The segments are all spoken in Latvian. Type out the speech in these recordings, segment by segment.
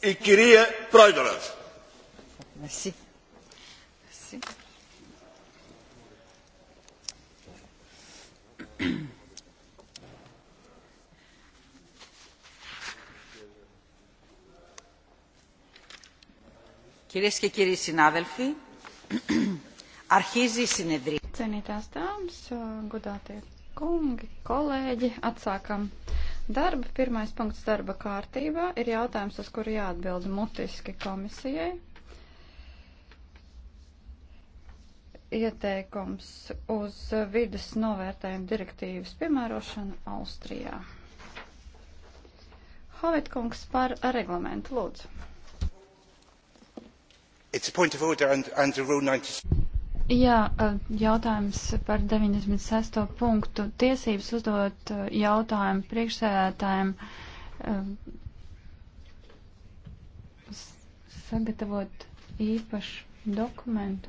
η κυρία Πρόεδρος. Merci. Merci. Κυρίες και κύριοι συνάδελφοι, αρχίζει η συνεδρία. Cienītās dāmas, godātie kungi, kolēģi, atsākam darba. Pirmais punkts darba kārtībā ir jautājums, uz kuru jāatbild mutiski komisijai. Ieteikums uz vidas novērtējumu direktīvas piemērošanu Austrijā. Hovitkungs par reglamentu lūdzu. It's a point of order under, under Rule 96. Jā, eh, jautājums par 96. punktu. Tiesības uzdot eh, jautājumu priekšsēdētājiem eh, sagatavot īpašu dokumentu.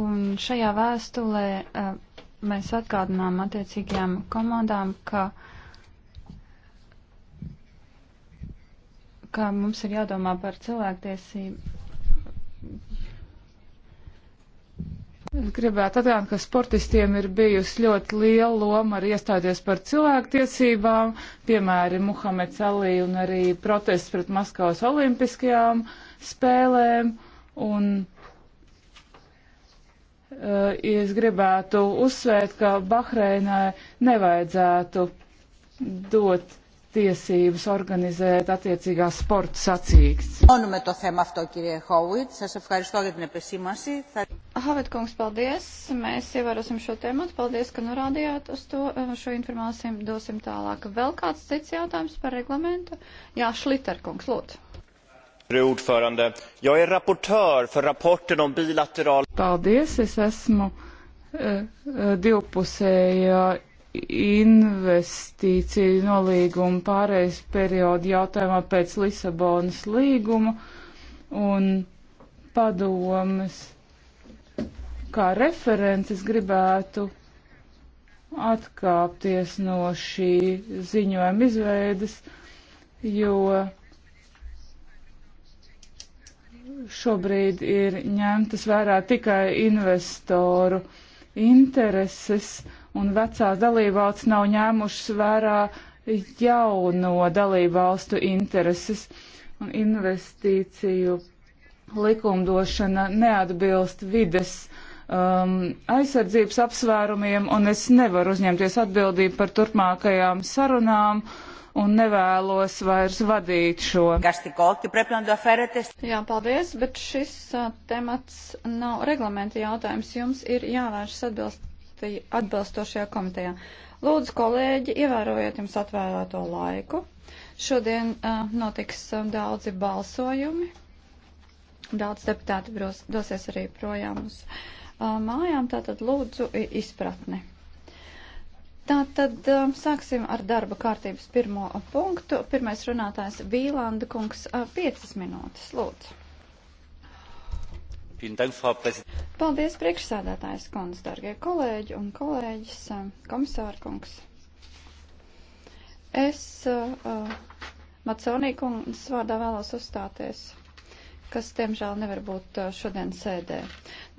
Un šajā vēstulē mēs atgādinām attiecīgajām komandām, ka uh, ka mums ir jādomā par cilvēktiesību gribētu atgādināt, ka sportistiem ir bijusi ļoti liela loma arī iestāties par cilvēktiesībām, piemēram, Muhameds Alī un arī protests pret Maskavas olimpiskajām spēlēm. Un uh, es gribētu uzsvērt, ka Bahreinai nevajadzētu dot tiesības organizēt attiecīgās sporta sacīkstes. Havet kungs, paldies! Mēs ievērosim šo tēmu. Paldies, ka norādījāt uz to. Šo informāciju dosim tālāk. Vēl kāds cits jautājums par reglamentu? Jā, Šliter kungs, lūdzu. Paldies, es esmu uh, divpusējā investīciju nolīgumu pārējais periodu jautājumā pēc Lisabonas līguma un padomas. Kā references gribētu atkāpties no šī ziņojuma izveidas, jo šobrīd ir ņemtas vērā tikai investoru intereses un vecās dalībvalsts nav ņēmušas vērā jauno dalībvalstu intereses un investīciju likumdošana neatbilst vides um, aizsardzības apsvērumiem, un es nevaru uzņemties atbildību par turpmākajām sarunām un nevēlos vairs vadīt šo. Jā, paldies, bet šis uh, temats nav reglamenta jautājums. Jums ir jāvēršas atbilst diskusiju atbilstošajā komitejā. Lūdzu, kolēģi, ievērojiet jums atvēlēto laiku. Šodien uh, notiks um, daudzi balsojumi. Daudz deputāti bros, dosies arī projām uz uh, mājām, tātad lūdzu izpratni. Tātad um, sāksim ar darba kārtības pirmo punktu. Pirmais runātājs Vīlanda kungs, uh, piecas minūtes, lūdzu. Paldies, priekšsēdētājs kundze, dargie kolēģi un kolēģis, eh, komisāra kungs. Es uh, eh, Maconī kungas vārdā vēlos uzstāties kas, diemžēl, nevar būt eh, šodien sēdē.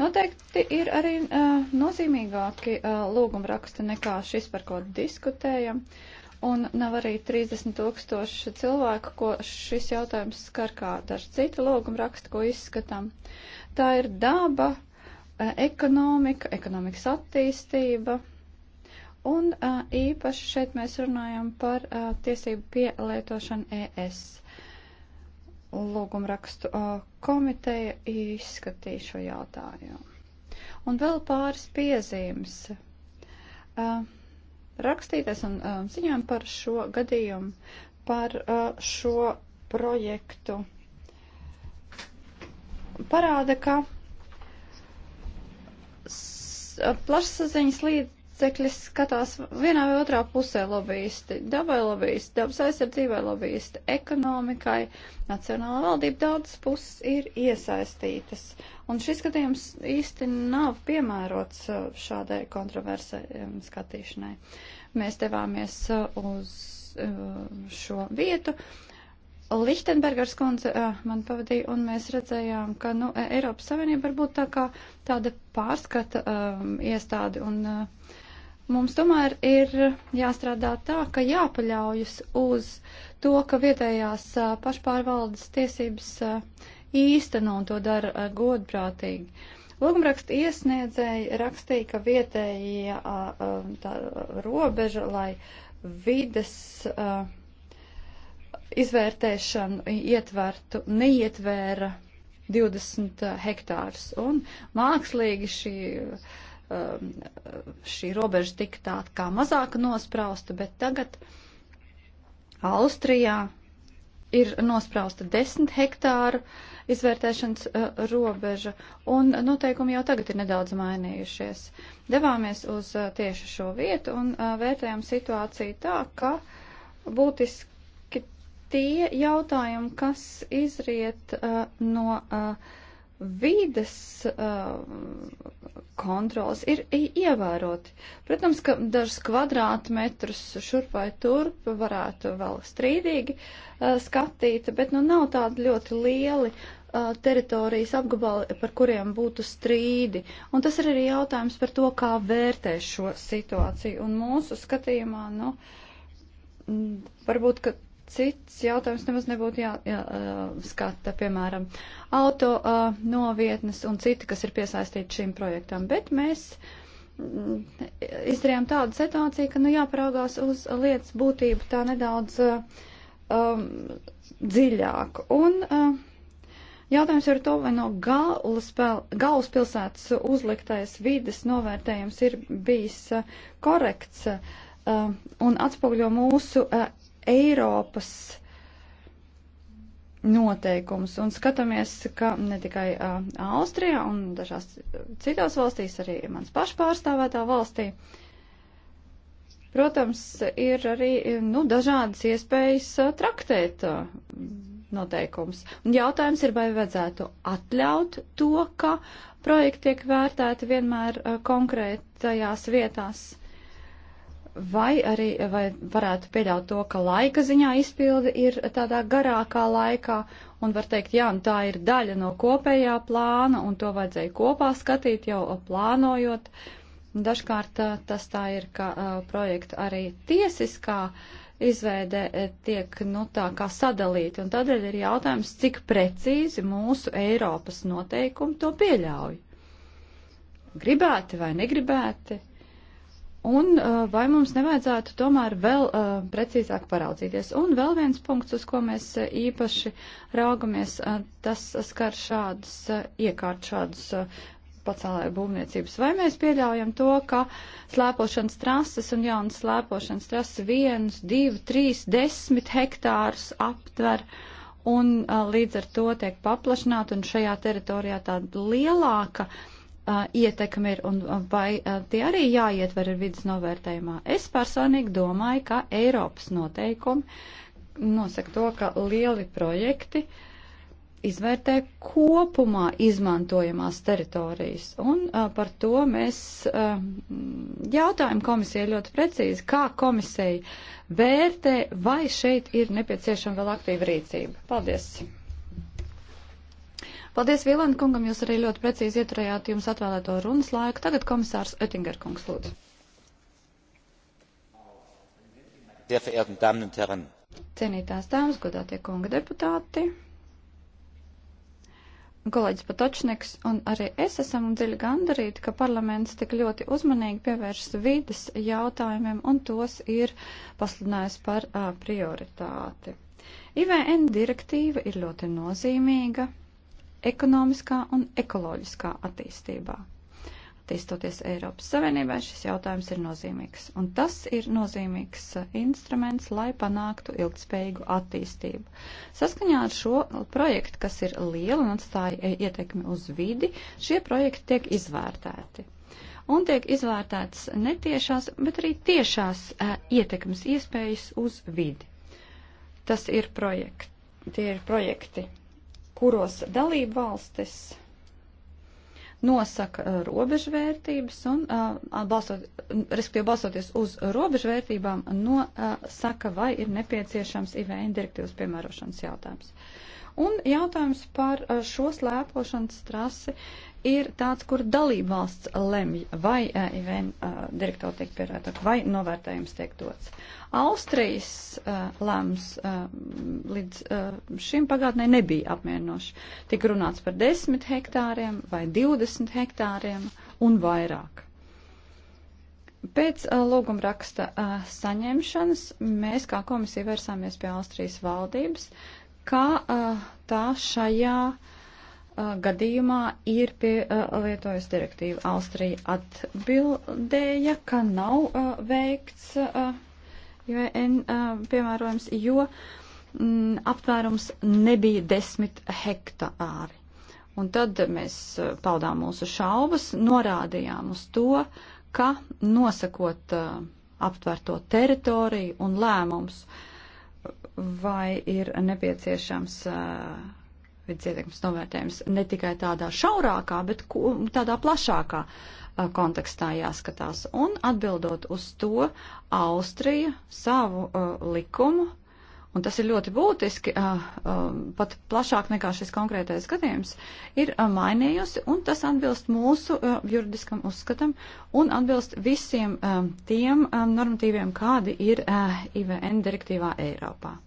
Noteikti ir arī uh, nozīmīgāki uh, lūguma raksti nekā šis, par ko diskutējam. Uh, un nav arī 30 tūkstoši cilvēku, ko šis jautājums skar kā daži citi lūguma raksti, ko izskatām. Tā ir daba, eh, ekonomika, ekonomikas attīstība, un eh, īpaši šeit mēs runājam par eh, tiesību pielietošanu ES. Lūguma rakstu komiteja izskatīja šo jautājumu. Un vēl pāris piezīmes. Uh, rakstīties un uh, ziņām par šo gadījumu, par uh, šo projektu. Parāda, ka uh, plašsaziņas līdz loceklis skatās vienā vai otrā pusē lobbyisti, dabai lobbyisti, dabas aizsardzībai lobbyisti, ekonomikai, nacionālā valdība daudzas puses ir iesaistītas. Un šis skatījums īsti nav piemērots uh, šādai kontroversai um, skatīšanai. Mēs devāmies uh, uz uh, šo vietu, Lichtenbergers kundze man pavadīja, un mēs redzējām, ka nu, Eiropas Savienība varbūt tā kā tāda pārskata um, iestādi, un uh, Mums tomēr ir jāstrādā tā, ka jāpaļaujas uz to, ka vietējās pašpārvaldes tiesības īsteno un to dara godprātīgi. Lūgumraksta iesniedzēji rakstīja, ka vietējie tā, robeža, lai vides izvērtēšanu ietvertu, neietvēra 20 hektārus. Un mākslīgi šī Um, šī robeža tika tā kā mazāk nosprausta, bet tagad Austrijā ir nosprausta 10 hektāru izvērtēšanas uh, robeža, un noteikumi jau tagad ir nedaudz mainījušies. Devāmies uz uh, tieši šo vietu un uh, vērtējām situāciju tā, ka būtiski tie jautājumi, kas izriet uh, no uh, vīdes uh, kontrols ir ievēroti. Protams, ka dažus kvadrātmetrus šurp vai turp varētu vēl strīdīgi uh, skatīt, bet nu nav tādi ļoti lieli uh, teritorijas apgabali, par kuriem būtu strīdi. Un tas ir arī jautājums par to, kā vērtē šo situāciju. Un mūsu skatījumā, nu, varbūt, ka cits jautājums nemaz nebūtu jāskata, jā, piemēram, auto uh, novietnes un citi, kas ir piesaistīti šīm projektam. Bet mēs mm, izdarījām tādu situāciju, ka, nu, jāparaugās uz lietas būtību tā nedaudz uh, um, dziļāk. Un uh, jautājums ir to, vai no galvas pilsētas uzliktais vides novērtējums ir bijis uh, korekts. Uh, un atspoguļo mūsu uh, Eiropas noteikumus un skatāmies, ka ne tikai uh, Austrijā un dažās citās valstīs, arī mans pašpārstāvētā valstī, protams, ir arī nu, dažādas iespējas uh, traktēt uh, noteikumus. Un jautājums ir, vai vajadzētu atļaut to, ka projekti tiek vērtēti vienmēr uh, konkrētajās vietās vai arī vai varētu pieļaut to, ka laika ziņā izpildi ir tādā garākā laikā, un var teikt, jā, nu tā ir daļa no kopējā plāna, un to vajadzēja kopā skatīt jau plānojot. Dažkārt tas tā ir, ka projekti arī tiesiskā izveidē tiek, nu tā kā sadalīti, un tādēļ ir jautājums, cik precīzi mūsu Eiropas noteikumi to pieļauj. Gribēti vai negribēti? Un uh, vai mums nevajadzētu tomēr vēl uh, precīzāk paraudzīties? Un vēl viens punkts, uz ko mēs uh, īpaši raugamies, uh, tas skar šādas uh, iekārt, šādas uh, pacēlēju būvniecības. Vai mēs pieļaujam to, ka slēpošanas trases un jaunas slēpošanas trases viens, divi, trīs, desmit hektārus aptver un uh, līdz ar to tiek paplašināta un šajā teritorijā tāda lielāka uh, ietekme ir un vai tie arī jāietver ir vidas novērtējumā. Es personīgi domāju, ka Eiropas noteikumi nosaka to, ka lieli projekti izvērtē kopumā izmantojamās teritorijas. Un a, par to mēs a, jautājam komisijai ļoti precīzi, kā komisija vērtē, vai šeit ir nepieciešama vēl aktīva rīcība. Paldies! Paldies Vīlanda kungam, jūs arī ļoti precīzi ieturējāt jums atvēlēto runas laiku. Tagad komisārs Oettinger kungs lūdzu. Cienītās dāmas, godātie kunga deputāti, kolēģis Patočniks un arī es esam dziļi gandarīti, ka parlaments tik ļoti uzmanīgi pievēršas vides jautājumiem un tos ir pasludinājis par a, prioritāti. IVN direktīva ir ļoti nozīmīga ekonomiskā un ekoloģiskā attīstībā. Attīstoties Eiropas Savienībai, šis jautājums ir nozīmīgs. Un tas ir nozīmīgs uh, instruments, lai panāktu ilgspējīgu attīstību. Saskaņā ar šo projektu, kas ir liela un atstāja ietekmi uz vidi, šie projekti tiek izvērtēti un tiek izvērtētas netiešās, bet arī tiešās ē, uh, ietekmes iespējas uz vidi. Tas ir projekti. Tie ir projekti, kuros dalību valstis nosaka uh, robežvērtības un, uh, balsot, respektīvi, balsoties uz robežvērtībām, nosaka, vai ir nepieciešams IVN direktīvas piemērošanas jautājums. Un jautājums par uh, šo slēpošanas trasi ir tāds, kur dalībvalsts lemj, vai eh, IVN eh, direktori tiek pierētāk, vai novērtējums tiek dots. Austrijas eh, lēms līdz šim pagātnē nebija apmierinoši. Tik runāts par 10 hektāriem vai 20 hektāriem un vairāk. Pēc lūguma raksta saņemšanas mēs kā komisija vērsāmies pie Austrijas valdības, kā tā šajā uh, Uh, gadījumā ir pielietojusi direktīva. Austrija atbildēja, ka nav uh, veikts uh, UN uh, piemērojums, jo mm, aptvērums nebija desmit hektāri. Un tad mēs uh, paudām mūsu šaubas, norādījām uz to, ka nosakot uh, aptvērto teritoriju un lēmums, vai ir nepieciešams uh, vidas ietekmes novērtējums ne tikai tādā šaurākā, bet tādā plašākā kontekstā jāskatās. Un atbildot uz to, Austrija savu uh, likumu, un tas ir ļoti būtiski, uh, uh, pat plašāk nekā šis konkrētais gadījums, ir uh, mainījusi, un tas atbilst mūsu uh, juridiskam uzskatam un atbilst visiem um, tiem um, normatīviem, kādi ir uh, IVN direktīvā Eiropā.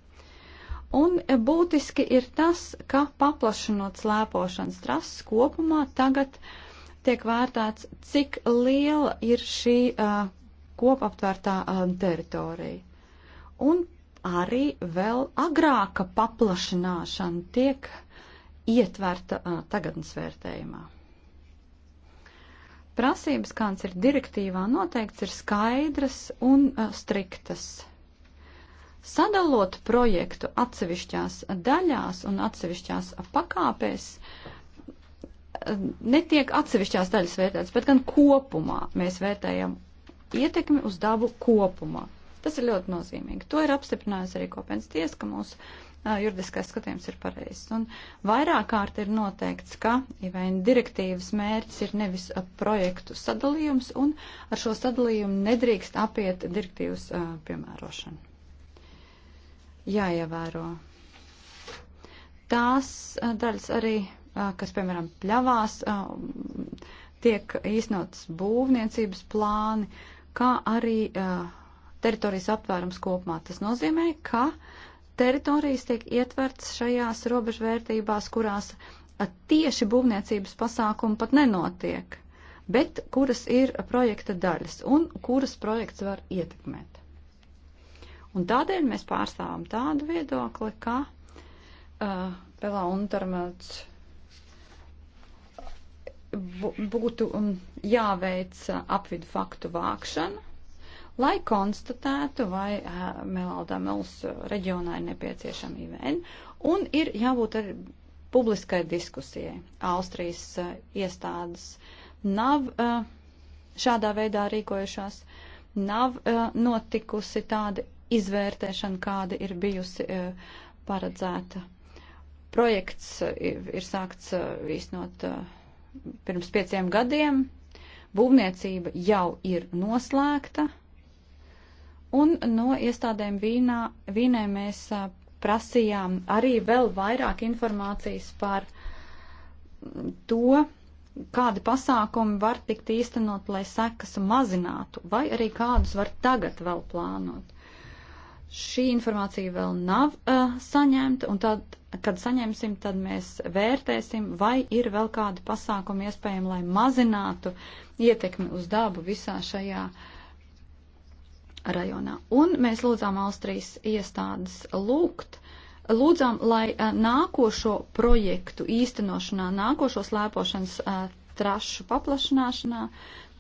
Un būtiski ir tas, ka paplašinot slēpošanas trases kopumā tagad tiek vērtēts, cik liela ir šī uh, kopaptvērtā uh, teritorija. Un arī vēl agrāka paplašināšana tiek ietverta uh, tagadnes vērtējumā. Prasības, kāds ir direktīvā noteikts, ir skaidras un uh, striktas. Sadalot projektu atsevišķās daļās un atsevišķās pakāpēs, netiek atsevišķās daļas vērtētas, bet gan kopumā mēs vērtējam ietekmi uz dabu kopumā. Tas ir ļoti nozīmīgi. To ir apstiprinājusi arī kopienas tiesa, ka mūsu uh, juridiskais skatījums ir pareizs. Un vairāk kārt ir noteikts, ka IVN direktīvas mērķis ir nevis uh, projektu sadalījums, un ar šo sadalījumu nedrīkst apiet direktīvas uh, piemērošanu jāievēro. Tās eh, daļas arī, eh, kas, piemēram, pļavās, eh, tiek īstenotas būvniecības plāni, kā arī teritorijas aptvērums kopumā. Tas nozīmē, ka teritorijas tiek ietverts šajās robežvērtībās, kurās tieši būvniecības pasākumi pat nenotiek, bet kuras ir projekta daļas un kuras projekts var ietekmēt. Un tādēļ mēs pārstāvam tādu viedokli, ka uh, Pelā un Tarmelts būtu um, jāveic uh, apvidu faktu vākšana, lai konstatētu, vai uh, Melaldā Mels uh, reģionā ir nepieciešama IVN, un ir jābūt arī publiskai diskusijai. Austrijas uh, iestādes nav uh, šādā veidā rīkojušās, nav uh, notikusi tāda izvērtēšana, kāda ir bijusi e, paredzēta. Projekts ir sākts e, īstenot e, pirms pieciem gadiem, būvniecība jau ir noslēgta, un no iestādēm vīnā, vīnē mēs prasījām arī vēl vairāk informācijas par to, kādi pasākumi var tikt īstenot, lai sekas mazinātu, vai arī kādus var tagad vēl plānot. Šī informācija vēl nav uh, saņemta, un tad, kad saņemsim, tad mēs vērtēsim, vai ir vēl kādi pasākumi iespējami, lai mazinātu ietekmi uz dabu visā šajā rajonā. Un mēs lūdzām Austrijas iestādes lūgt uh, lūdzām, lai eh, nākošo projektu īstenošanā, nākošo slēpošanas eh, trašu paplašanāšanā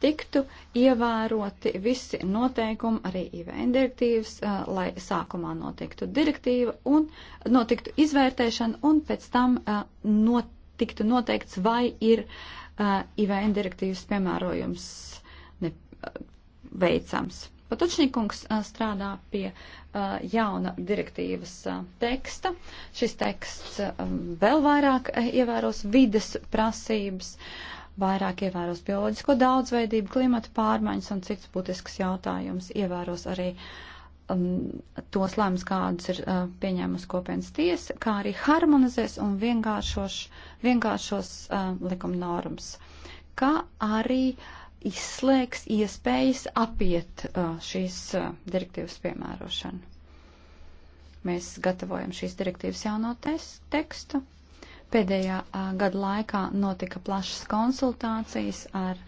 tiktu ievēroti visi noteikumi, arī IVN direktīvas, lai sākumā notiktu direktīva un notiktu izvērtēšana un pēc tam notiktu noteikts, vai ir IVN direktīvas piemērojums ne, veicams. Patočnīkungs strādā pie jauna direktīvas teksta. Šis teksts vēl vairāk ievēros vides prasības. Uh, vairāk ievēros bioloģisko daudzveidību, klimata pārmaiņas un cits būtisks jautājums. Ievēros arī um, tos lēmus, kādus ir uh, pieņēmusi kopienas tiesa, kā arī harmonizēs un vienkāršos, vienkāršos uh, likuma normas, kā arī izslēgs iespējas apiet uh, šīs uh, direktīvas piemērošanu. Mēs gatavojam šīs direktīvas jauno tekstu Pēdējā gada laikā notika plašas konsultācijas ar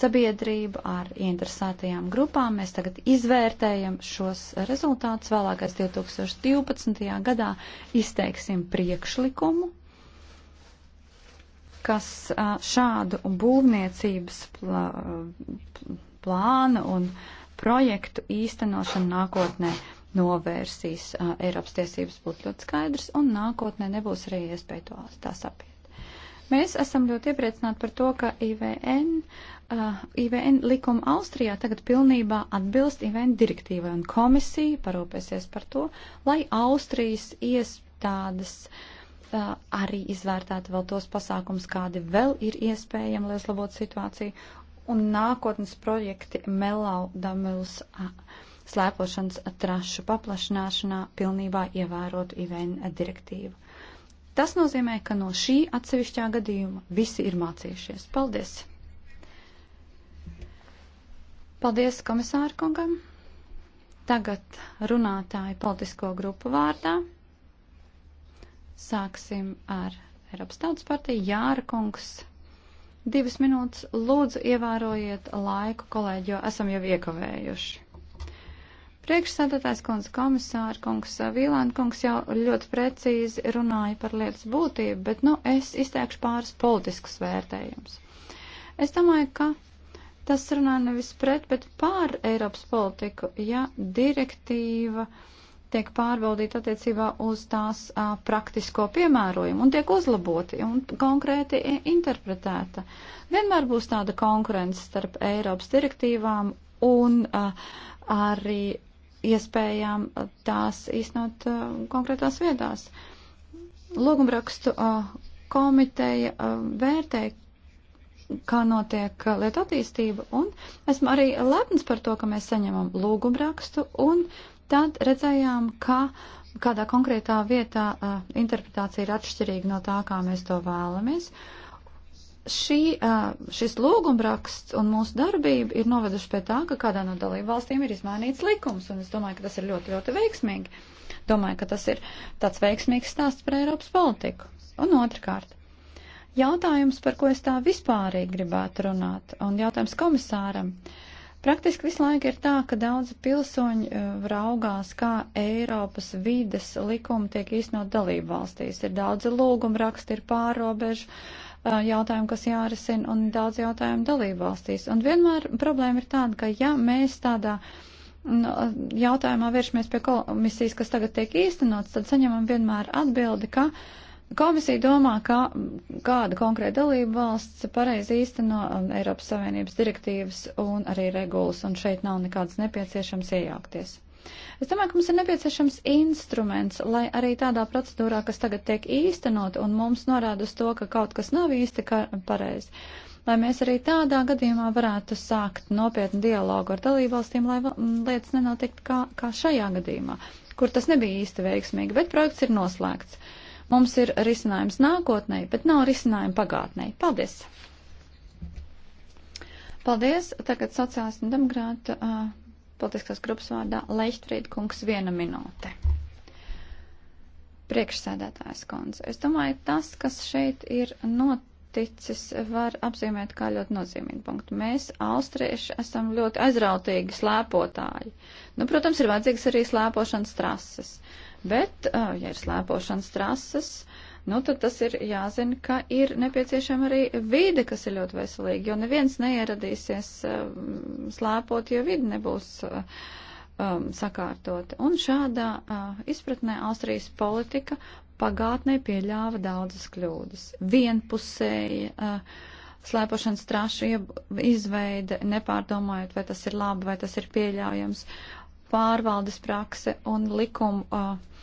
sabiedrību, ar interesētajām grupām. Mēs tagad izvērtējam šos rezultātus. Vēlākais 2012. gadā izteiksim priekšlikumu, kas šādu būvniecības plānu un projektu īstenošanu nākotnē novērsīs uh, Eiropas tiesības, būtu ļoti skaidrs, un nākotnē nebūs arī iespēja to tās apiet. Mēs esam ļoti iepriecināti par to, ka IVN, uh, IVN likuma Austrijā tagad pilnībā atbilst IVN direktīvai, un komisija parūpēsies par to, lai Austrijas iestādes uh, arī izvērtētu vēl tos pasākums, kādi vēl ir iespējami, lai uzlabotu situāciju, un nākotnes projekti Melau Damils. Uh, slēpošanas trašu paplašināšanā pilnībā ievērotu IVN direktīvu. Tas nozīmē, ka no šī atsevišķā gadījuma visi ir mācījušies. Paldies! Paldies komisāra kungam! Tagad runātāji politisko grupu vārdā. Sāksim ar Eiropas Tautas partiju Jāra kungs. Divas minūtes lūdzu ievērojiet laiku, kolēģi, jo esam jau iekavējuši. Priekšsēdētājs kundze komisāra kungs Vīlāna kungs jau ļoti precīzi runāja par lietas būtību, bet nu es izteikšu pāris politiskus vērtējumus. Es domāju, ka tas runā nevis pret, bet pār Eiropas politiku, ja direktīva tiek pārbaudīta attiecībā uz tās a, praktisko piemērojumu un tiek uzlaboti un konkrēti interpretēta. Vienmēr būs tāda konkurence starp Eiropas direktīvām un a, arī iespējām uh, tās īstenot uh, konkrētās vietās. Lūgumrakstu uh, komiteja vērtē, kā notiek lietu attīstība, un esmu arī lepns par to, ka mēs saņemam lūgumrakstu, un tad redzējām, ka kādā konkrētā vietā interpretācija ir atšķirīga no tā, kā mēs to vēlamies. Uh, šī, šis lūgumraksts un mūsu darbība ir noveduši pie tā, ka kādā no dalību valstīm ir izmainīts likums, un es domāju, ka tas ir ļoti, ļoti veiksmīgi. Domāju, ka tas ir tāds veiksmīgs stāsts par Eiropas politiku. Un otrkārt, jautājums, par ko es tā vispārīgi gribētu runāt, un jautājums komisāram. Praktiski visu laiku ir tā, ka daudzi pilsoņi raugās, kā Eiropas vides likumi tiek īstenot dalību valstīs. Ir daudzi lūgumi, raksti ir pārobežu jautājumi, kas jārisina, un daudz jautājumu dalību valstīs. Un vienmēr problēma ir tāda, ka ja mēs tādā jautājumā vēršamies pie komisijas, kas tagad tiek īstenots, tad saņemam vienmēr atbildi, ka komisija domā, ka kāda konkrēta dalība valsts pareizi īsteno Eiropas Savienības direktīvas un arī regulas, un šeit nav nekādas nepieciešams iejaukties. Es domāju, ka mums ir nepieciešams instruments, lai arī tādā procedūrā, kas tagad tiek īstenot un mums norāda uz to, ka kaut kas nav īsti pareizi, lai mēs arī tādā gadījumā varētu sākt nopietnu dialogu ar dalībvalstīm, lai mm, lietas nenotiktu kā, kā šajā gadījumā, kur tas nebija īsti veiksmīgi, bet projekts ir noslēgts mums ir risinājums nākotnē, bet nav risinājuma pagātnē. Paldies! Paldies! Tagad sociālistu demokrātu uh, politiskās grupas vārdā Leichtfried kungs viena minūte. Priekšsēdētājs kundze. Es domāju, tas, kas šeit ir noticis, var apzīmēt kā ļoti nozīmīgu punktu. Mēs, austrieši, esam ļoti aizrautīgi slēpotāji. Nu, protams, ir vajadzīgas arī slēpošanas trases. Bet, ja ir slēpošanas trases, uh, nu tad tas ir jāzina, ka ir nepieciešama arī vide, kas ir ļoti veselīga, jo neviens neieradīsies um, slēpot, jo vide nebūs um, sakārtota. Un šādā uh, izpratnē Austrijas politika pagātnē pieļāva daudzas kļūdas. Vienpusēja. Uh, slēpošanas trašu izveide, nepārdomājot, vai tas ir labi, vai tas ir pieļaujams, pārvaldes prakse un likuma uh,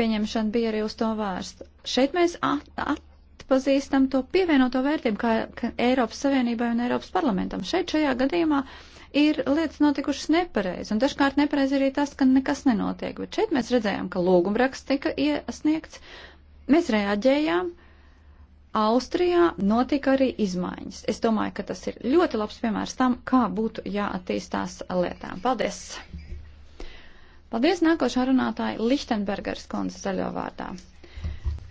pieņemšana bija arī uz to vērsta. Šeit mēs at, atpazīstam to pievienoto vērtību kā, kā Eiropas Savienībai un Eiropas parlamentam. Šeit šajā gadījumā ir lietas notikušas nepareizi, un dažkārt nepareizi arī tas, ka nekas nenotiek. Bet šeit mēs redzējām, ka lūgumraksts tika iesniegts, mēs reaģējām. Austrijā notika arī izmaiņas. Es domāju, ka tas ir ļoti labs piemērs tam, kā būtu jāattīstās lietām. Paldies! Paldies, nākošā runātāja Lichtenbergers kundze zaļo vārdā.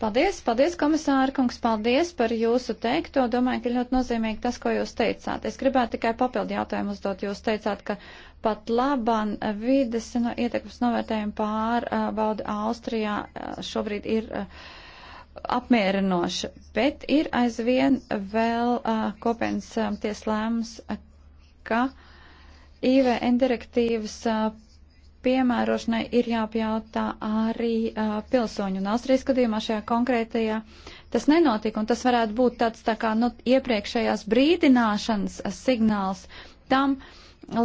Paldies, paldies, komisāra kungs, paldies par jūsu teikto. Domāju, ka ļoti nozīmīgi tas, ko jūs teicāt. Es gribētu tikai papildu jautājumu uzdot. Jūs teicāt, ka pat laban vides no ietekmes novērtējumu pārbauda Austrijā šobrīd ir apmierinoša, bet ir aizvien vēl kopienas ties lēmums, ka IVN direktīvas piemērošanai ir jāpajautā arī uh, pilsoņu. Un Austrijas gadījumā šajā konkrētajā tas nenotika, un tas varētu būt tāds tā kā nu, iepriekšējās brīdināšanas signāls tam,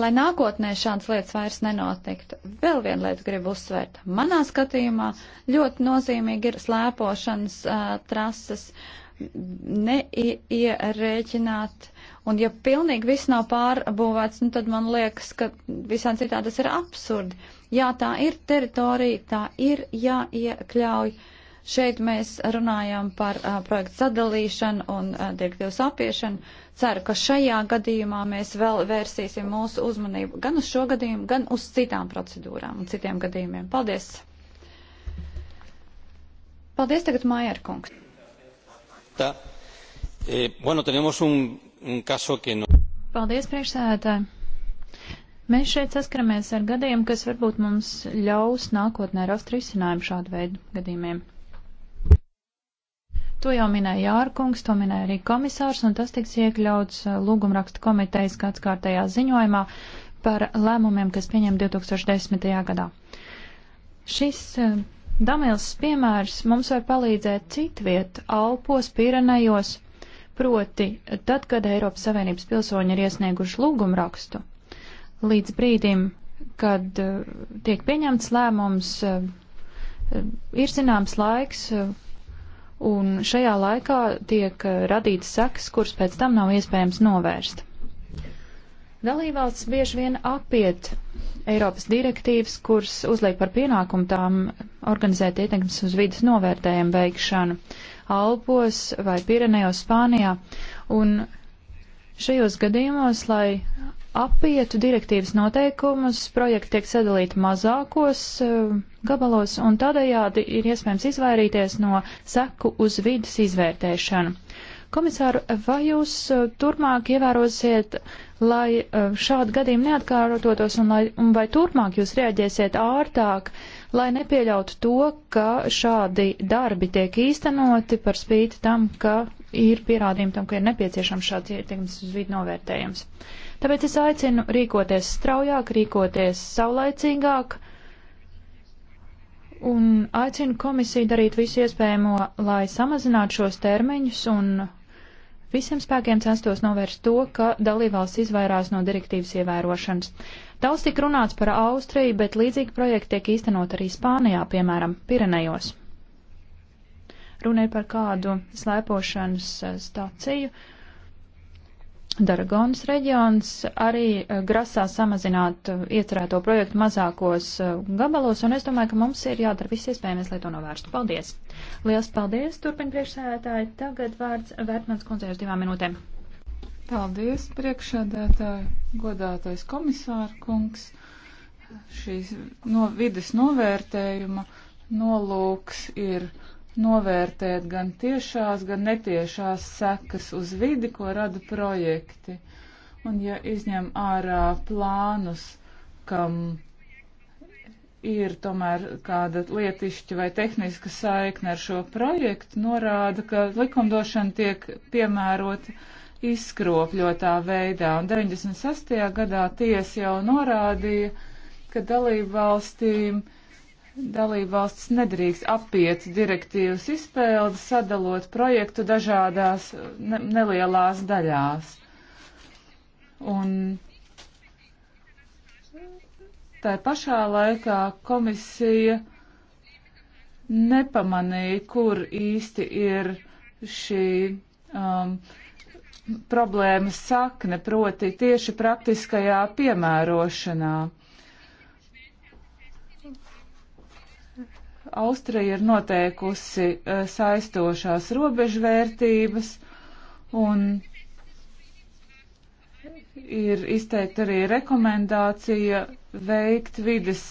lai nākotnē šādas lietas vairs nenotiktu. Vēl viena lieta gribu uzsvērt. Manā skatījumā ļoti nozīmīgi ir slēpošanas uh, trases neierēķināt. Uh, Un ja pilnīgi viss nav pārbūvēts, nu, tad man liekas, ka visā citā tas ir absurdi. Jā, tā ir teritorija, tā ir jāiekļauj. Šeit mēs runājam par uh, projektu sadalīšanu un uh, direktīvas apiešanu. Ceru, ka šajā gadījumā mēs vēl vērsīsim mūsu uzmanību gan uz šo gadījumu, gan uz citām procedūrām un citiem gadījumiem. Paldies! Paldies tagad Mājerkungs. Tā. E, bueno, tenemos un caso que no. Paldies, priekšsēdētāji. Mēs šeit saskaramies ar gadiem, kas varbūt mums ļaus nākotnē rast risinājumu šādu veidu gadījumiem. To jau minēja Jārkungs, to minēja arī komisārs, un tas tiks iekļauts uh, lūgumrakstu komitejas gads kārtējā ziņojumā par lēmumiem, kas pieņem 2010. gadā. Šis uh, Damils piemērs mums var palīdzēt citviet Alpos, Pirenejos Proti, tad, kad Eiropas Savienības pilsoņi ir iesnieguši lūgumu rakstu, līdz brīdim, kad uh, tiek pieņemts lēmums, uh, uh, ir zināms laiks, un šajā laikā tiek radīts sekas, kuras pēc tam nav iespējams novērst. Dalībvalsts bieži vien apiet Eiropas direktīvas, kuras uzliek par pienākumu tām organizēt ietekmes uz vidas novērtējumu veikšanu. Alpos vai Pirenejos Spānijā. Un šajos gadījumos, lai apietu direktīvas noteikumus, projekti tiek sadalīti mazākos eh, gabalos un tādējādi ir iespējams izvairīties no seku uz vidas izvērtēšanu. Komisāru, vai jūs eh, turpmāk ievērosiet lai eh, šādi gadījumi neatkārtotos un, lai, un vai turpmāk jūs reaģēsiet ārtāk, lai nepieļautu to, ka šādi darbi tiek īstenoti par spīti tam, ka ir pierādījumi tam, ka ir nepieciešams šāds ietekmes uz vidu novērtējums. Tāpēc es aicinu rīkoties straujāk, rīkoties saulaicīgāk un aicinu komisiju darīt visu iespējamo, lai samazinātu šos termiņus un Visiem spēkiem censtos novērst to, ka dalībvalsts izvairās no direktīvas ievērošanas. Daudz tik runāts par Austriju, bet līdzīgi projekti tiek īstenot arī Spānijā, piemēram, Pirenejos. Runa ir par kādu slēpošanas eh, staciju, uh, Daragonas reģions arī eh, grasās samazināt eh, iecerēto projektu mazākos eh, gabalos, un es domāju, ka mums ir jādara viss iespējamais, lai to novērstu. Paldies! Lielas paldies, turpina priekšsēdētāji. Tagad vārds Vērtmans kundzei uz divām minūtēm. Paldies, priekšsēdētāji, godātais komisāra kungs. Šīs no vides novērtējuma nolūks ir novērtēt gan tiešās, gan netiešās sekas uz vidi, ko rada projekti. Un ja izņem ārā plānus, kam ir tomēr kāda lietišķa vai tehniska saikne ar šo projektu, norāda, ka likumdošana tiek piemērota izskropļotā veidā. Un 96. gadā tiesa jau norādīja, ka dalību valstīm uh, Dalībvalstis nedrīkst apiet direktīvas izpildi, sadalot projektu dažādās ne nelielās daļās. Un tā pašā laikā komisija nepamanīja, kur īsti ir šī um, problēmas sakne, proti tieši praktiskajā piemērošanā. Austrija ir noteikusi uh, saistošās robežvērtības un ir izteikta arī rekomendācija veikt vides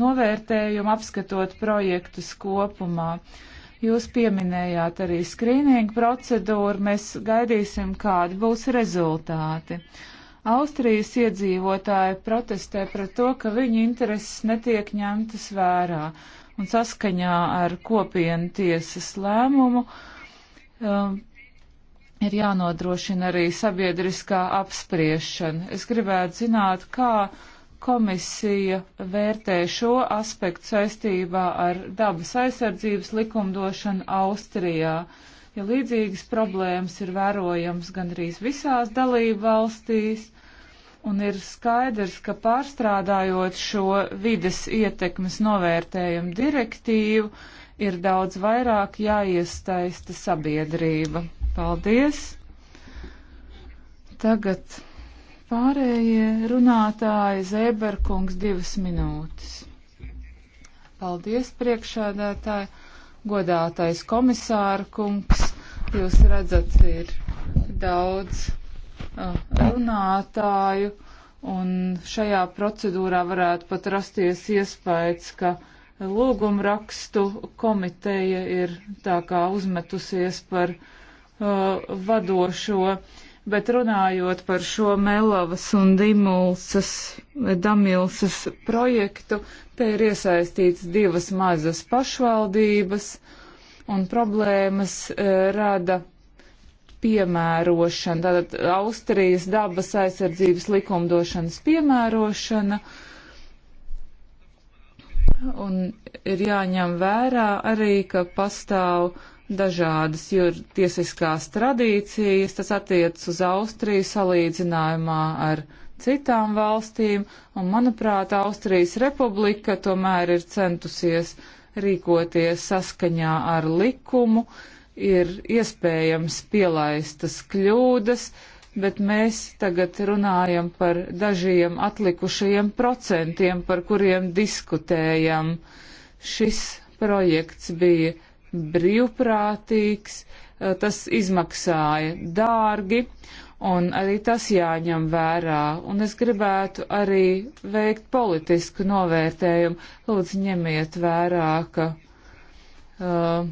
novērtējumu, apskatot projektus kopumā. Jūs pieminējāt arī skrīningu procedūru, mēs gaidīsim, kādi būs rezultāti. Austrijas iedzīvotāji protestē pret to, ka viņu intereses netiek ņemtas vērā un saskaņā ar kopienu tiesas lēmumu um, ir jānodrošina arī sabiedriskā apspriešana. Es gribētu zināt, kā komisija vērtē šo aspektu saistībā ar dabas aizsardzības likumdošanu Austrijā, ja līdzīgas problēmas ir vērojams gandrīz visās dalību valstīs. Un ir skaidrs, ka pārstrādājot šo vides ietekmes novērtējumu direktīvu, ir daudz vairāk jāiestaista sabiedrība. Paldies! Tagad pārējie runātāji Zēberkungs divas minūtes. Paldies, priekšādātāji, godātais komisāra kungs. Jūs redzat, ir daudz runātāju, un šajā procedūrā varētu pat rasties iespējas, ka lūguma rakstu komiteja ir tā kā uzmetusies par uh, vadošo, bet runājot par šo Melavas un Dimulsas, Damilsas projektu, te ir iesaistīts divas mazas pašvaldības, un problēmas uh, rada piemērošana, tātad Austrijas dabas aizsardzības likumdošanas piemērošana. Un ir jāņem vērā arī, ka pastāv dažādas tiesiskās tradīcijas, tas attiec uz Austriju salīdzinājumā ar citām valstīm, un manuprāt, Austrijas republika tomēr ir centusies rīkoties saskaņā ar likumu, uh, ir iespējams pielaistas kļūdas, bet mēs tagad runājam par dažiem atlikušajiem procentiem, par kuriem diskutējam. Šis projekts bija brīvprātīgs, eh, tas izmaksāja dārgi, un arī tas jāņem vērā. Un es gribētu arī veikt politisku novērtējumu. Lūdzu, ņemiet vērā, ka. Uh,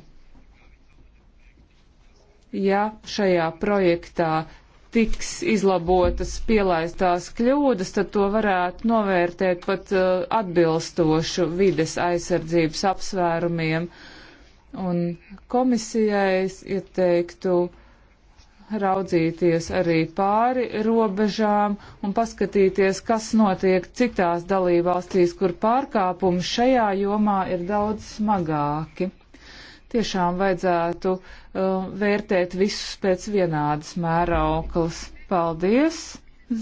ja šajā projektā tiks izlabotas pielaistās kļūdas, tad to varētu novērtēt pat uh, atbilstošu vides aizsardzības apsvērumiem. Un komisijai ieteiktu raudzīties arī pāri robežām un paskatīties, kas notiek citās dalībvalstīs, kur pārkāpumi šajā jomā ir daudz smagāki tiešām vajadzētu uh, vērtēt visus pēc vienādas mērauklas. Paldies,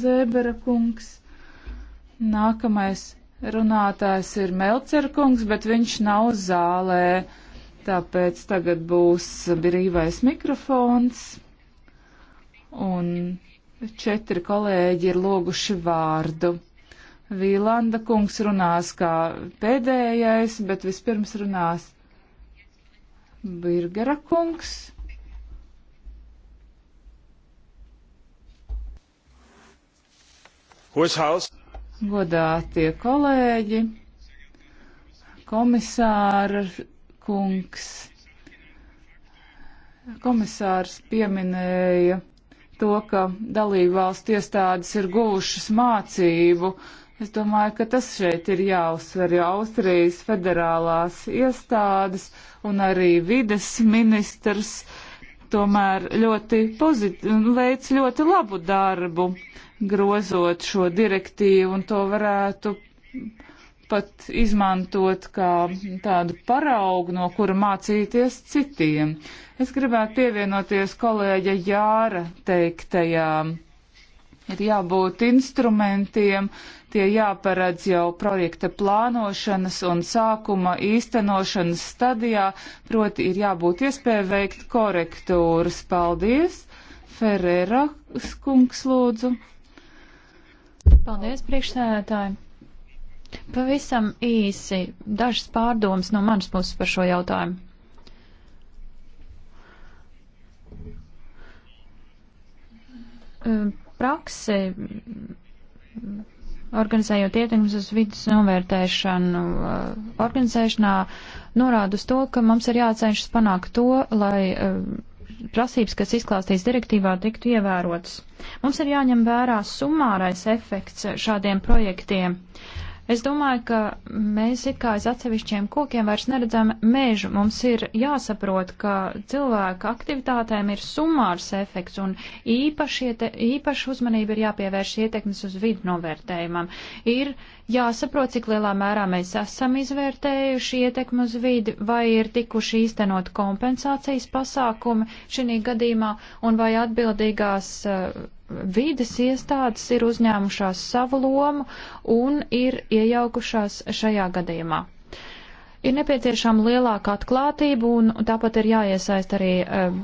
Zēbera kungs! Nākamais runātājs ir Melcer kungs, bet viņš nav zālē, tāpēc tagad būs brīvais mikrofons. Un četri kolēģi ir lūguši vārdu. Vīlanda kungs runās kā pēdējais, bet vispirms runās Birgera kungs. Godātie kolēģi, komisāra kungs, komisārs pieminēja to, ka dalībvalstu iestādes ir guvušas mācību Es domāju, ka tas šeit ir jāuzsver, jo Austrijas federālās iestādes un arī vides ministrs tomēr ļoti veic ļoti labu darbu, grozot šo direktīvu, un to varētu pat izmantot kā tādu paraugu, no kura mācīties citiem. Es gribētu pievienoties kolēģa Jāra teiktajām. Ir jābūt instrumentiem, Tie jāparedz jau projekta plānošanas un sākuma īstenošanas stadijā, proti ir jābūt iespēja veikt korektūras. Paldies! Ferēra skunks lūdzu. Paldies, priekšsēdētāji! Pavisam īsi dažas pārdomas no manas puses par šo jautājumu. Ehm, praksi organizējot ietekmes uz vidas novērtēšanu uh, organizēšanā, norāda uz to, ka mums ir jācenšas panākt to, lai uh, prasības, kas izklāstīs direktīvā, tiktu ievērotas. Mums ir jāņem vērā sumārais efekts šādiem projektiem. Uh, Es domāju, ka mēs it kā aiz atsevišķiem kokiem vairs neredzam mežu. Mums ir jāsaprot, ka cilvēka aktivitātēm ir sumārs efekts un īpaši, īpaši uzmanība ir jāpievērš ietekmes uz vidu novērtējumam. Ir jāsaprot, cik lielā mērā mēs esam izvērtējuši ietekmi uz vidi, vai ir tikuši īstenot kompensācijas pasākumi šī gadījumā un vai atbildīgās uh, vides iestādes ir uzņēmušās savu lomu un ir iejaukušās šajā gadījumā. Ir nepieciešama lielāka atklātība un tāpat ir jāiesaist arī um,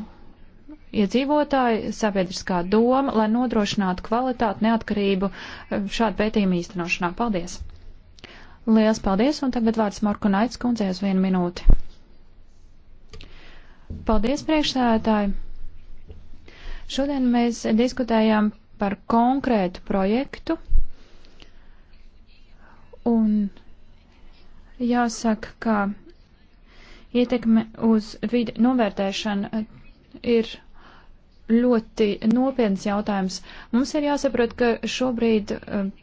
iedzīvotāji, sabiedriskā doma, lai nodrošinātu kvalitātu, neatkarību eh, šādu pētījumu īstenošanā. Paldies! Lielas paldies, un tagad vārds Marku Naits kundzei uz vienu minūti. Paldies, priekšsēdētāji! Šodien mēs diskutējām par konkrētu projektu, un jāsaka, ka ietekme uz vidi novērtēšanu eh, ir ļoti nopietns jautājums. Mums ir jāsaprot, ka šobrīd uh,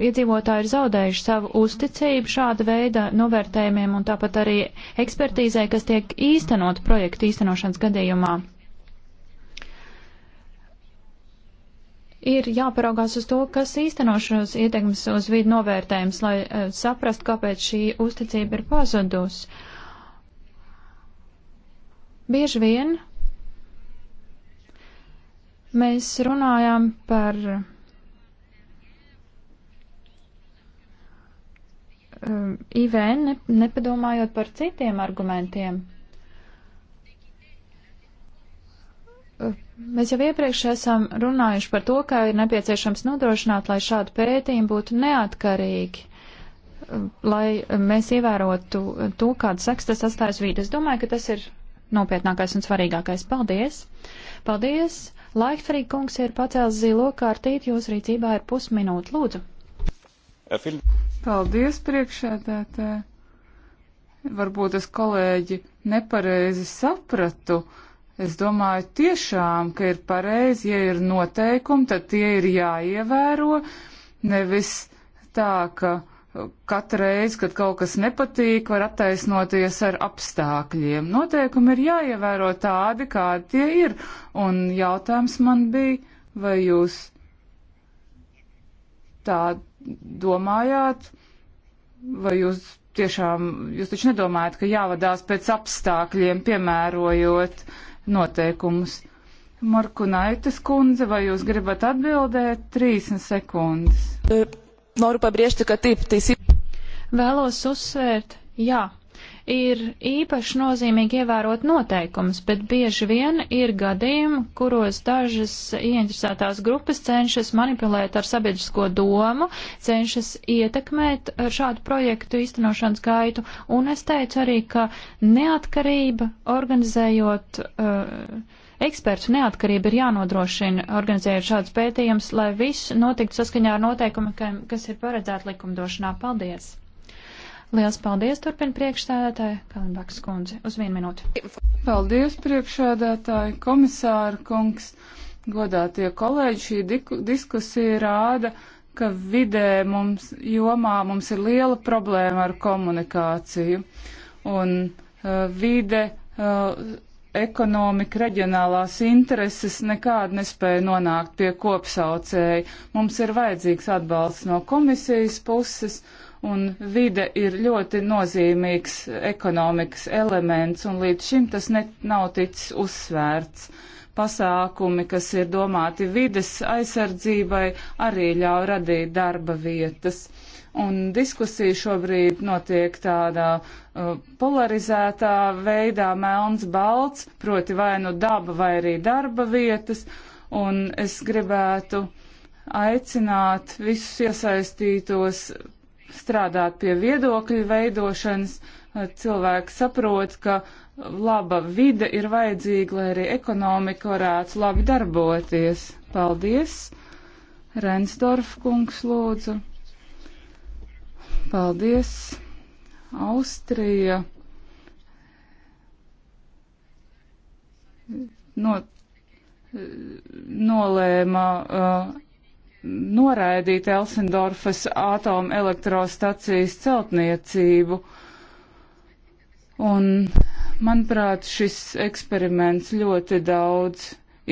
iedzīvotāji ir zaudējuši savu uzticību šāda veida novērtējumiem un tāpat arī ekspertīzē, kas tiek īstenot projektu īstenošanas gadījumā. ir jāparaugās uz to, kas īsteno šos ietekmes uz vidu novērtējums, lai uh, saprast, kāpēc šī uzticība ir pazudus. Bieži vien mēs runājām par uh, e, IVN, nepadomājot par citiem argumentiem. Mēs jau iepriekš esam runājuši par to, ka ir nepieciešams nodrošināt, lai šādi pētījumi būtu neatkarīgi, lai mēs ievērotu to, kādu seks tas atstājas vīdes. Domāju, ka tas ir nopietnākais un svarīgākais. Paldies! Paldies! Laikfrīd kungs ir pacēlis zilo kārtīt, jūs rīcībā ir pusminūte. Lūdzu! Paldies, priekšēdētāji! Varbūt es kolēģi nepareizi sapratu Es domāju tiešām, ka ir pareizi, ja ir noteikumi, tad tie ir jāievēro, nevis tā, ka katru reizi, kad kaut kas nepatīk, var attaisnoties ar apstākļiem. Noteikumi ir jāievēro tādi, kādi tie ir. Un jautājums man bija, vai jūs tā domājāt, vai jūs tiešām, jūs taču nedomājat, ka jāvadās pēc apstākļiem, piemērojot uh, noteikumus. Markunaitis kundze, vai jūs gribat atbildēt? 30 sekundes. Noru pabriežti, ka taip, taisība. Vēlos uzsvērt, jā, ir īpaši nozīmīgi ievērot noteikumus, bet bieži vien ir gadījumi, kuros dažas ieinteresētās grupas cenšas manipulēt ar sabiedrisko domu, cenšas ietekmēt eh, šādu projektu īstenošanas gaitu, un es teicu arī, ka neatkarība organizējot. Uh, Ekspertu neatkarība ir jānodrošina, organizējot šādus pētījumus, lai viss notiktu saskaņā ar noteikumiem, kas ir paredzēti likumdošanā. Paldies! Liels paldies, turpina priekšsēdētāja Kalinbaks kundze. Uz vienu minūti. Paldies, priekšsēdētāja, komisāra kungs, godātie kolēģi. Šī di diskusija rāda, ka vidē mums jomā mums ir liela problēma ar komunikāciju. Un uh, vide, uh, ekonomika, reģionālās intereses nekādu nespēja nonākt pie kopsaucēji. Mums ir vajadzīgs atbalsts no komisijas puses un vide ir ļoti nozīmīgs ekonomikas elements, un līdz šim tas ne, nav ticis uzsvērts. Pasākumi, kas ir domāti vides aizsardzībai, arī ļauj radīt darba vietas. Un diskusija šobrīd notiek tādā uh, polarizētā veidā melns balts, proti vai nu daba vai arī darba vietas. Un es gribētu aicināt visus iesaistītos strādāt pie viedokļu veidošanas. Eh, Cilvēks saprot, ka laba vide ir vajadzīga, lai arī ekonomika varētu labi darboties. Paldies! Rensdorf kungs lūdzu. Paldies! Austrija no, eh, nolēma uh, noraidīt Elsendorfas atomelektrostacijas celtniecību. Un, manuprāt, šis eksperiments ļoti daudz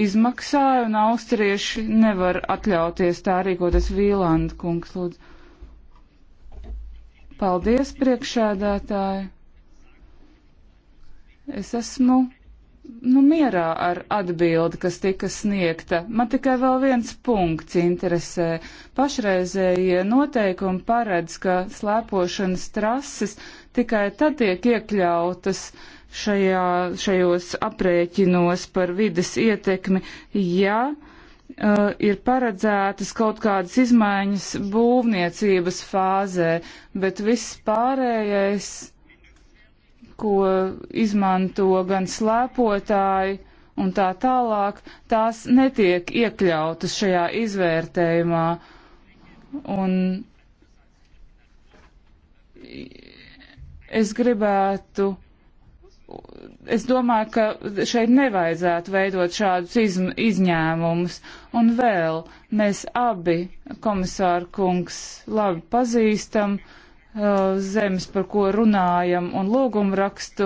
izmaksāja, un austrieši nevar atļauties tā rīkoties Vīlanda kungs. Lūdzu. Paldies, priekšēdētāji! Es esmu nu, mierā ar atbildi, kas tika sniegta. Man tikai vēl viens punkts interesē. Pašreizējie noteikumi paredz, ka slēpošanas trases tikai tad tiek iekļautas šajā, šajos aprēķinos par vides ietekmi, ja uh, ir paredzētas kaut kādas izmaiņas būvniecības fāzē, bet viss pārējais ko izmanto gan slēpotāji un tā tālāk, tās netiek iekļautas šajā izvērtējumā. Un es gribētu es domāju, ka šeit nevajadzētu veidot šādus izm, izņēmumus. Un vēl mēs abi, komisāra kungs, labi pazīstam, uh, Uh, zemes, par ko runājam, un lūgumrakstu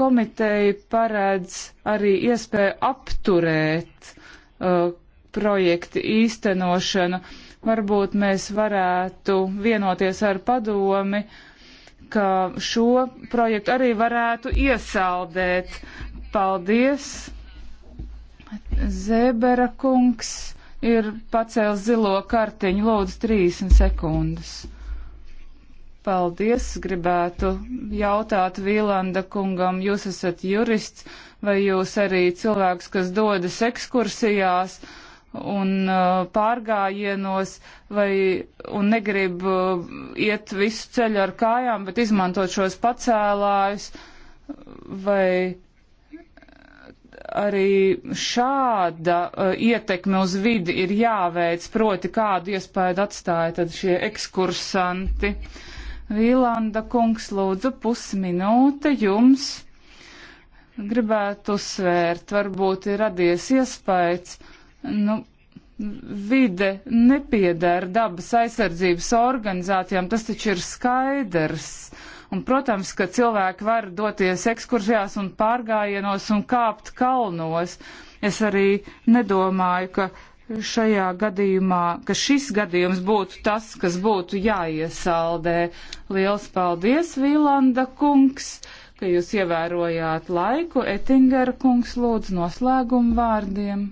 komiteja paredz arī iespēju apturēt uh, projektu īstenošanu. Varbūt mēs varētu vienoties ar padomi, ka šo projektu arī varētu iesaldēt. Paldies! Zēbera kungs ir pacēlis zilo kartiņu, lūdzu, 30 sekundes. Paldies, gribētu jautāt Vīlanda kungam, jūs esat jurists, vai jūs arī cilvēks, kas dodas ekskursijās un uh, pārgājienos, vai un negrib uh, iet visu ceļu ar kājām, bet izmantot šos pacēlājus, vai arī šāda uh, ietekme uz vidi ir jāveic, proti kādu iespēju atstāja tad šie ekskursanti. Uh, Vīlanda kungs, lūdzu, pusminūte jums. Gribētu uzsvērt, varbūt ir radies iespējas, nu, vide nepiedara dabas aizsardzības organizācijām, tas taču ir skaidrs. Un, protams, ka cilvēki var doties ekskursijās un pārgājienos un kāpt kalnos. Es arī nedomāju, ka šajā gadījumā, ka šis gadījums būtu tas, kas būtu jāiesaldē. Liels paldies, Vīlanda kungs, ka jūs ievērojāt laiku. Etingera kungs lūdzu noslēgumu vārdiem.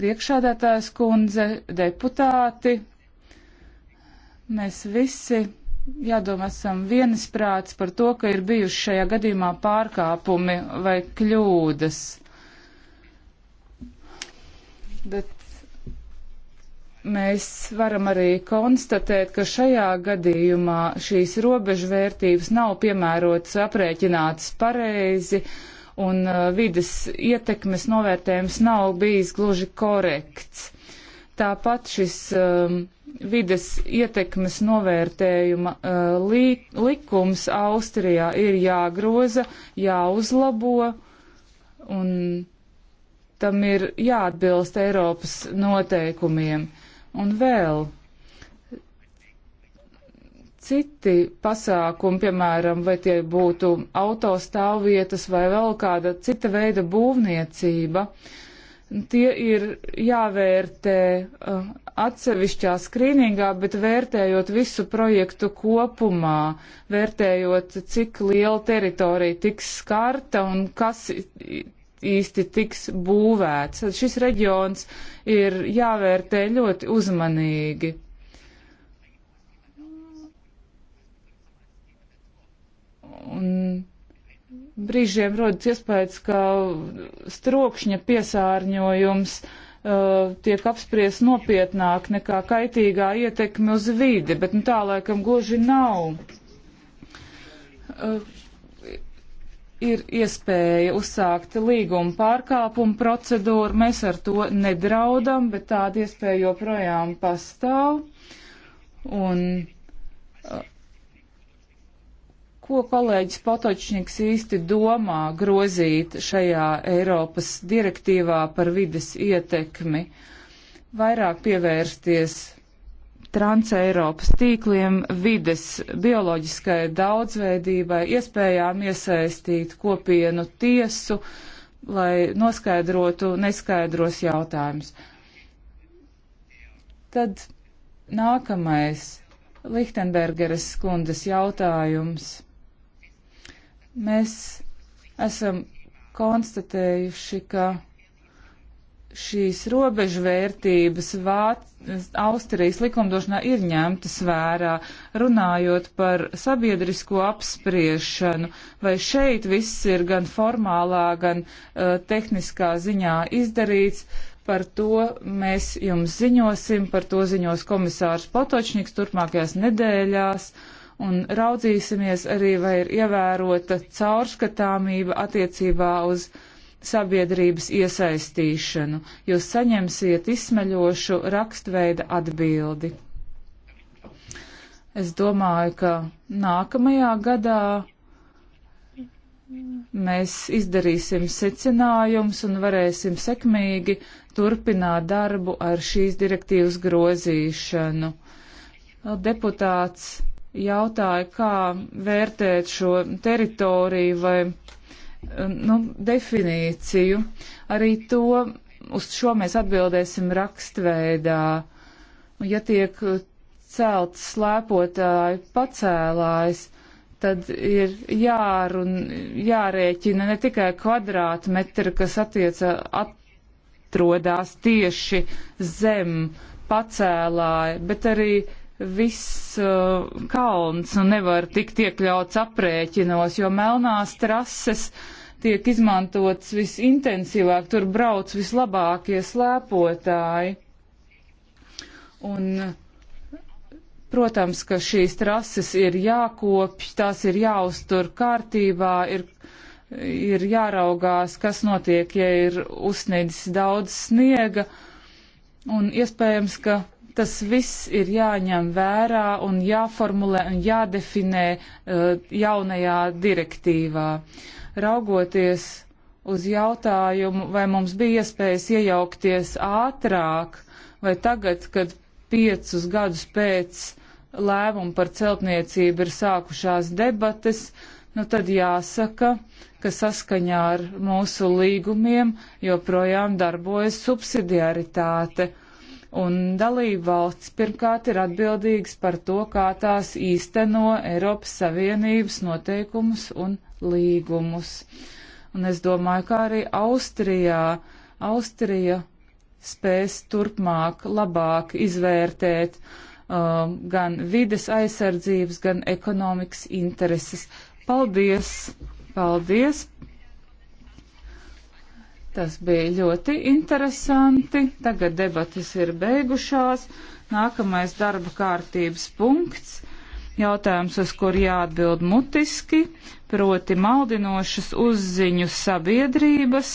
Priekšādātājs kundze, deputāti, mēs visi jādomā, esam vienisprāts par to, ka ir bijuši šajā gadījumā pārkāpumi vai kļūdas bet mēs varam arī konstatēt, ka šajā gadījumā šīs robežvērtības nav piemērotas, aprēķinātas pareizi, un uh, vides ietekmes novērtējums nav bijis gluži korekts. Tāpat šis um, vides ietekmes novērtējuma uh, li likums Austrijā ir jāgroza, jāuzlabo, un tam ir jāatbilst Eiropas noteikumiem. Un vēl citi pasākumi, piemēram, vai tie būtu autostāvvietas vai vēl kāda cita veida būvniecība, tie ir jāvērtē uh, atsevišķā skrīningā, bet vērtējot visu projektu kopumā, vērtējot, cik liela teritorija tiks skarta un kas īsti tiks būvēts. Šis reģions ir jāvērtē ļoti uzmanīgi. Un brīžiem rodas iespējas, ka strokšņa piesārņojums uh, tiek apspries nopietnāk nekā kaitīgā ietekme uz vidi, bet nu, tā laikam gluži nav. Uh, ir iespēja uzsākt līguma pārkāpumu procedūru. Mēs ar to nedraudam, bet tāda iespēja joprojām pastāv. Un, ko kolēģis Potočņiks īsti domā grozīt šajā Eiropas direktīvā par vides ietekmi, vairāk pievērsties Transeiropas tīkliem, vides bioloģiskai daudzveidībai, iespējām iesaistīt kopienu tiesu, lai noskaidrotu neskaidros jautājumus. Tad nākamais Lichtenbergeres skundas jautājums. Mēs esam konstatējuši, ka šīs robežvērtības Vāc Austrijas likumdošanā ir ņemtas vērā, runājot par sabiedrisko apspriešanu, vai šeit viss ir gan formālā, gan uh, tehniskā ziņā izdarīts. Par to mēs jums ziņosim, par to ziņos komisārs Potočņiks turpmākajās nedēļās un raudzīsimies arī, vai ir ievērota caurskatāmība attiecībā uz uh, sabiedrības iesaistīšanu. Jūs saņemsiet izsmeļošu rakstveida atbildi. Es domāju, ka nākamajā gadā mēs izdarīsim secinājumus un varēsim sekmīgi turpināt darbu ar šīs direktīvas grozīšanu. Deputāts jautāja, kā vērtēt šo teritoriju vai Ehm, nu, definīciju. Arī to uz šo mēs atbildēsim rakstveidā. Nu, ja tiek eh, celts slēpotāju pacēlājs, tad ir jārun, jārēķina ne tikai kvadrātmetri, kas attieca, atrodas tieši zem pacēlāja, bet arī viss uh, kalns un nevar tikt iekļauts aprēķinos, jo melnās trases tiek izmantotas visintensīvāk, tur brauc vislabākie slēpotāji. Un, protams, ka šīs trases ir jākopj, tās ir jāuztur kārtībā, ir, ir jāraugās, kas notiek, ja ir uzsniedzis daudz sniega. Un iespējams, ka Tas viss ir jāņem vērā un jāformulē un jādefinē uh, jaunajā direktīvā. Raugoties uz jautājumu, vai mums bija iespējas iejaukties ātrāk, vai tagad, kad piecus gadus pēc lēmumu par celtniecību ir sākušās debates, nu tad jāsaka, ka saskaņā ar mūsu līgumiem joprojām darbojas subsidiaritāte un dalību valsts pirmkārt ir atbildīgas par to, kā tās īsteno Eiropas Savienības noteikumus un līgumus. Un es domāju, kā arī Austrijā, Austrija spēs turpmāk labāk izvērtēt um, gan vides aizsardzības, gan ekonomikas intereses. Paldies! Paldies Tas bija ļoti interesanti. Tagad debatas ir beigušās. Nākamais darba kārtības punkts. Jautājums, uz kur jāatbild mutiski, proti maldinošas uzziņu sabiedrības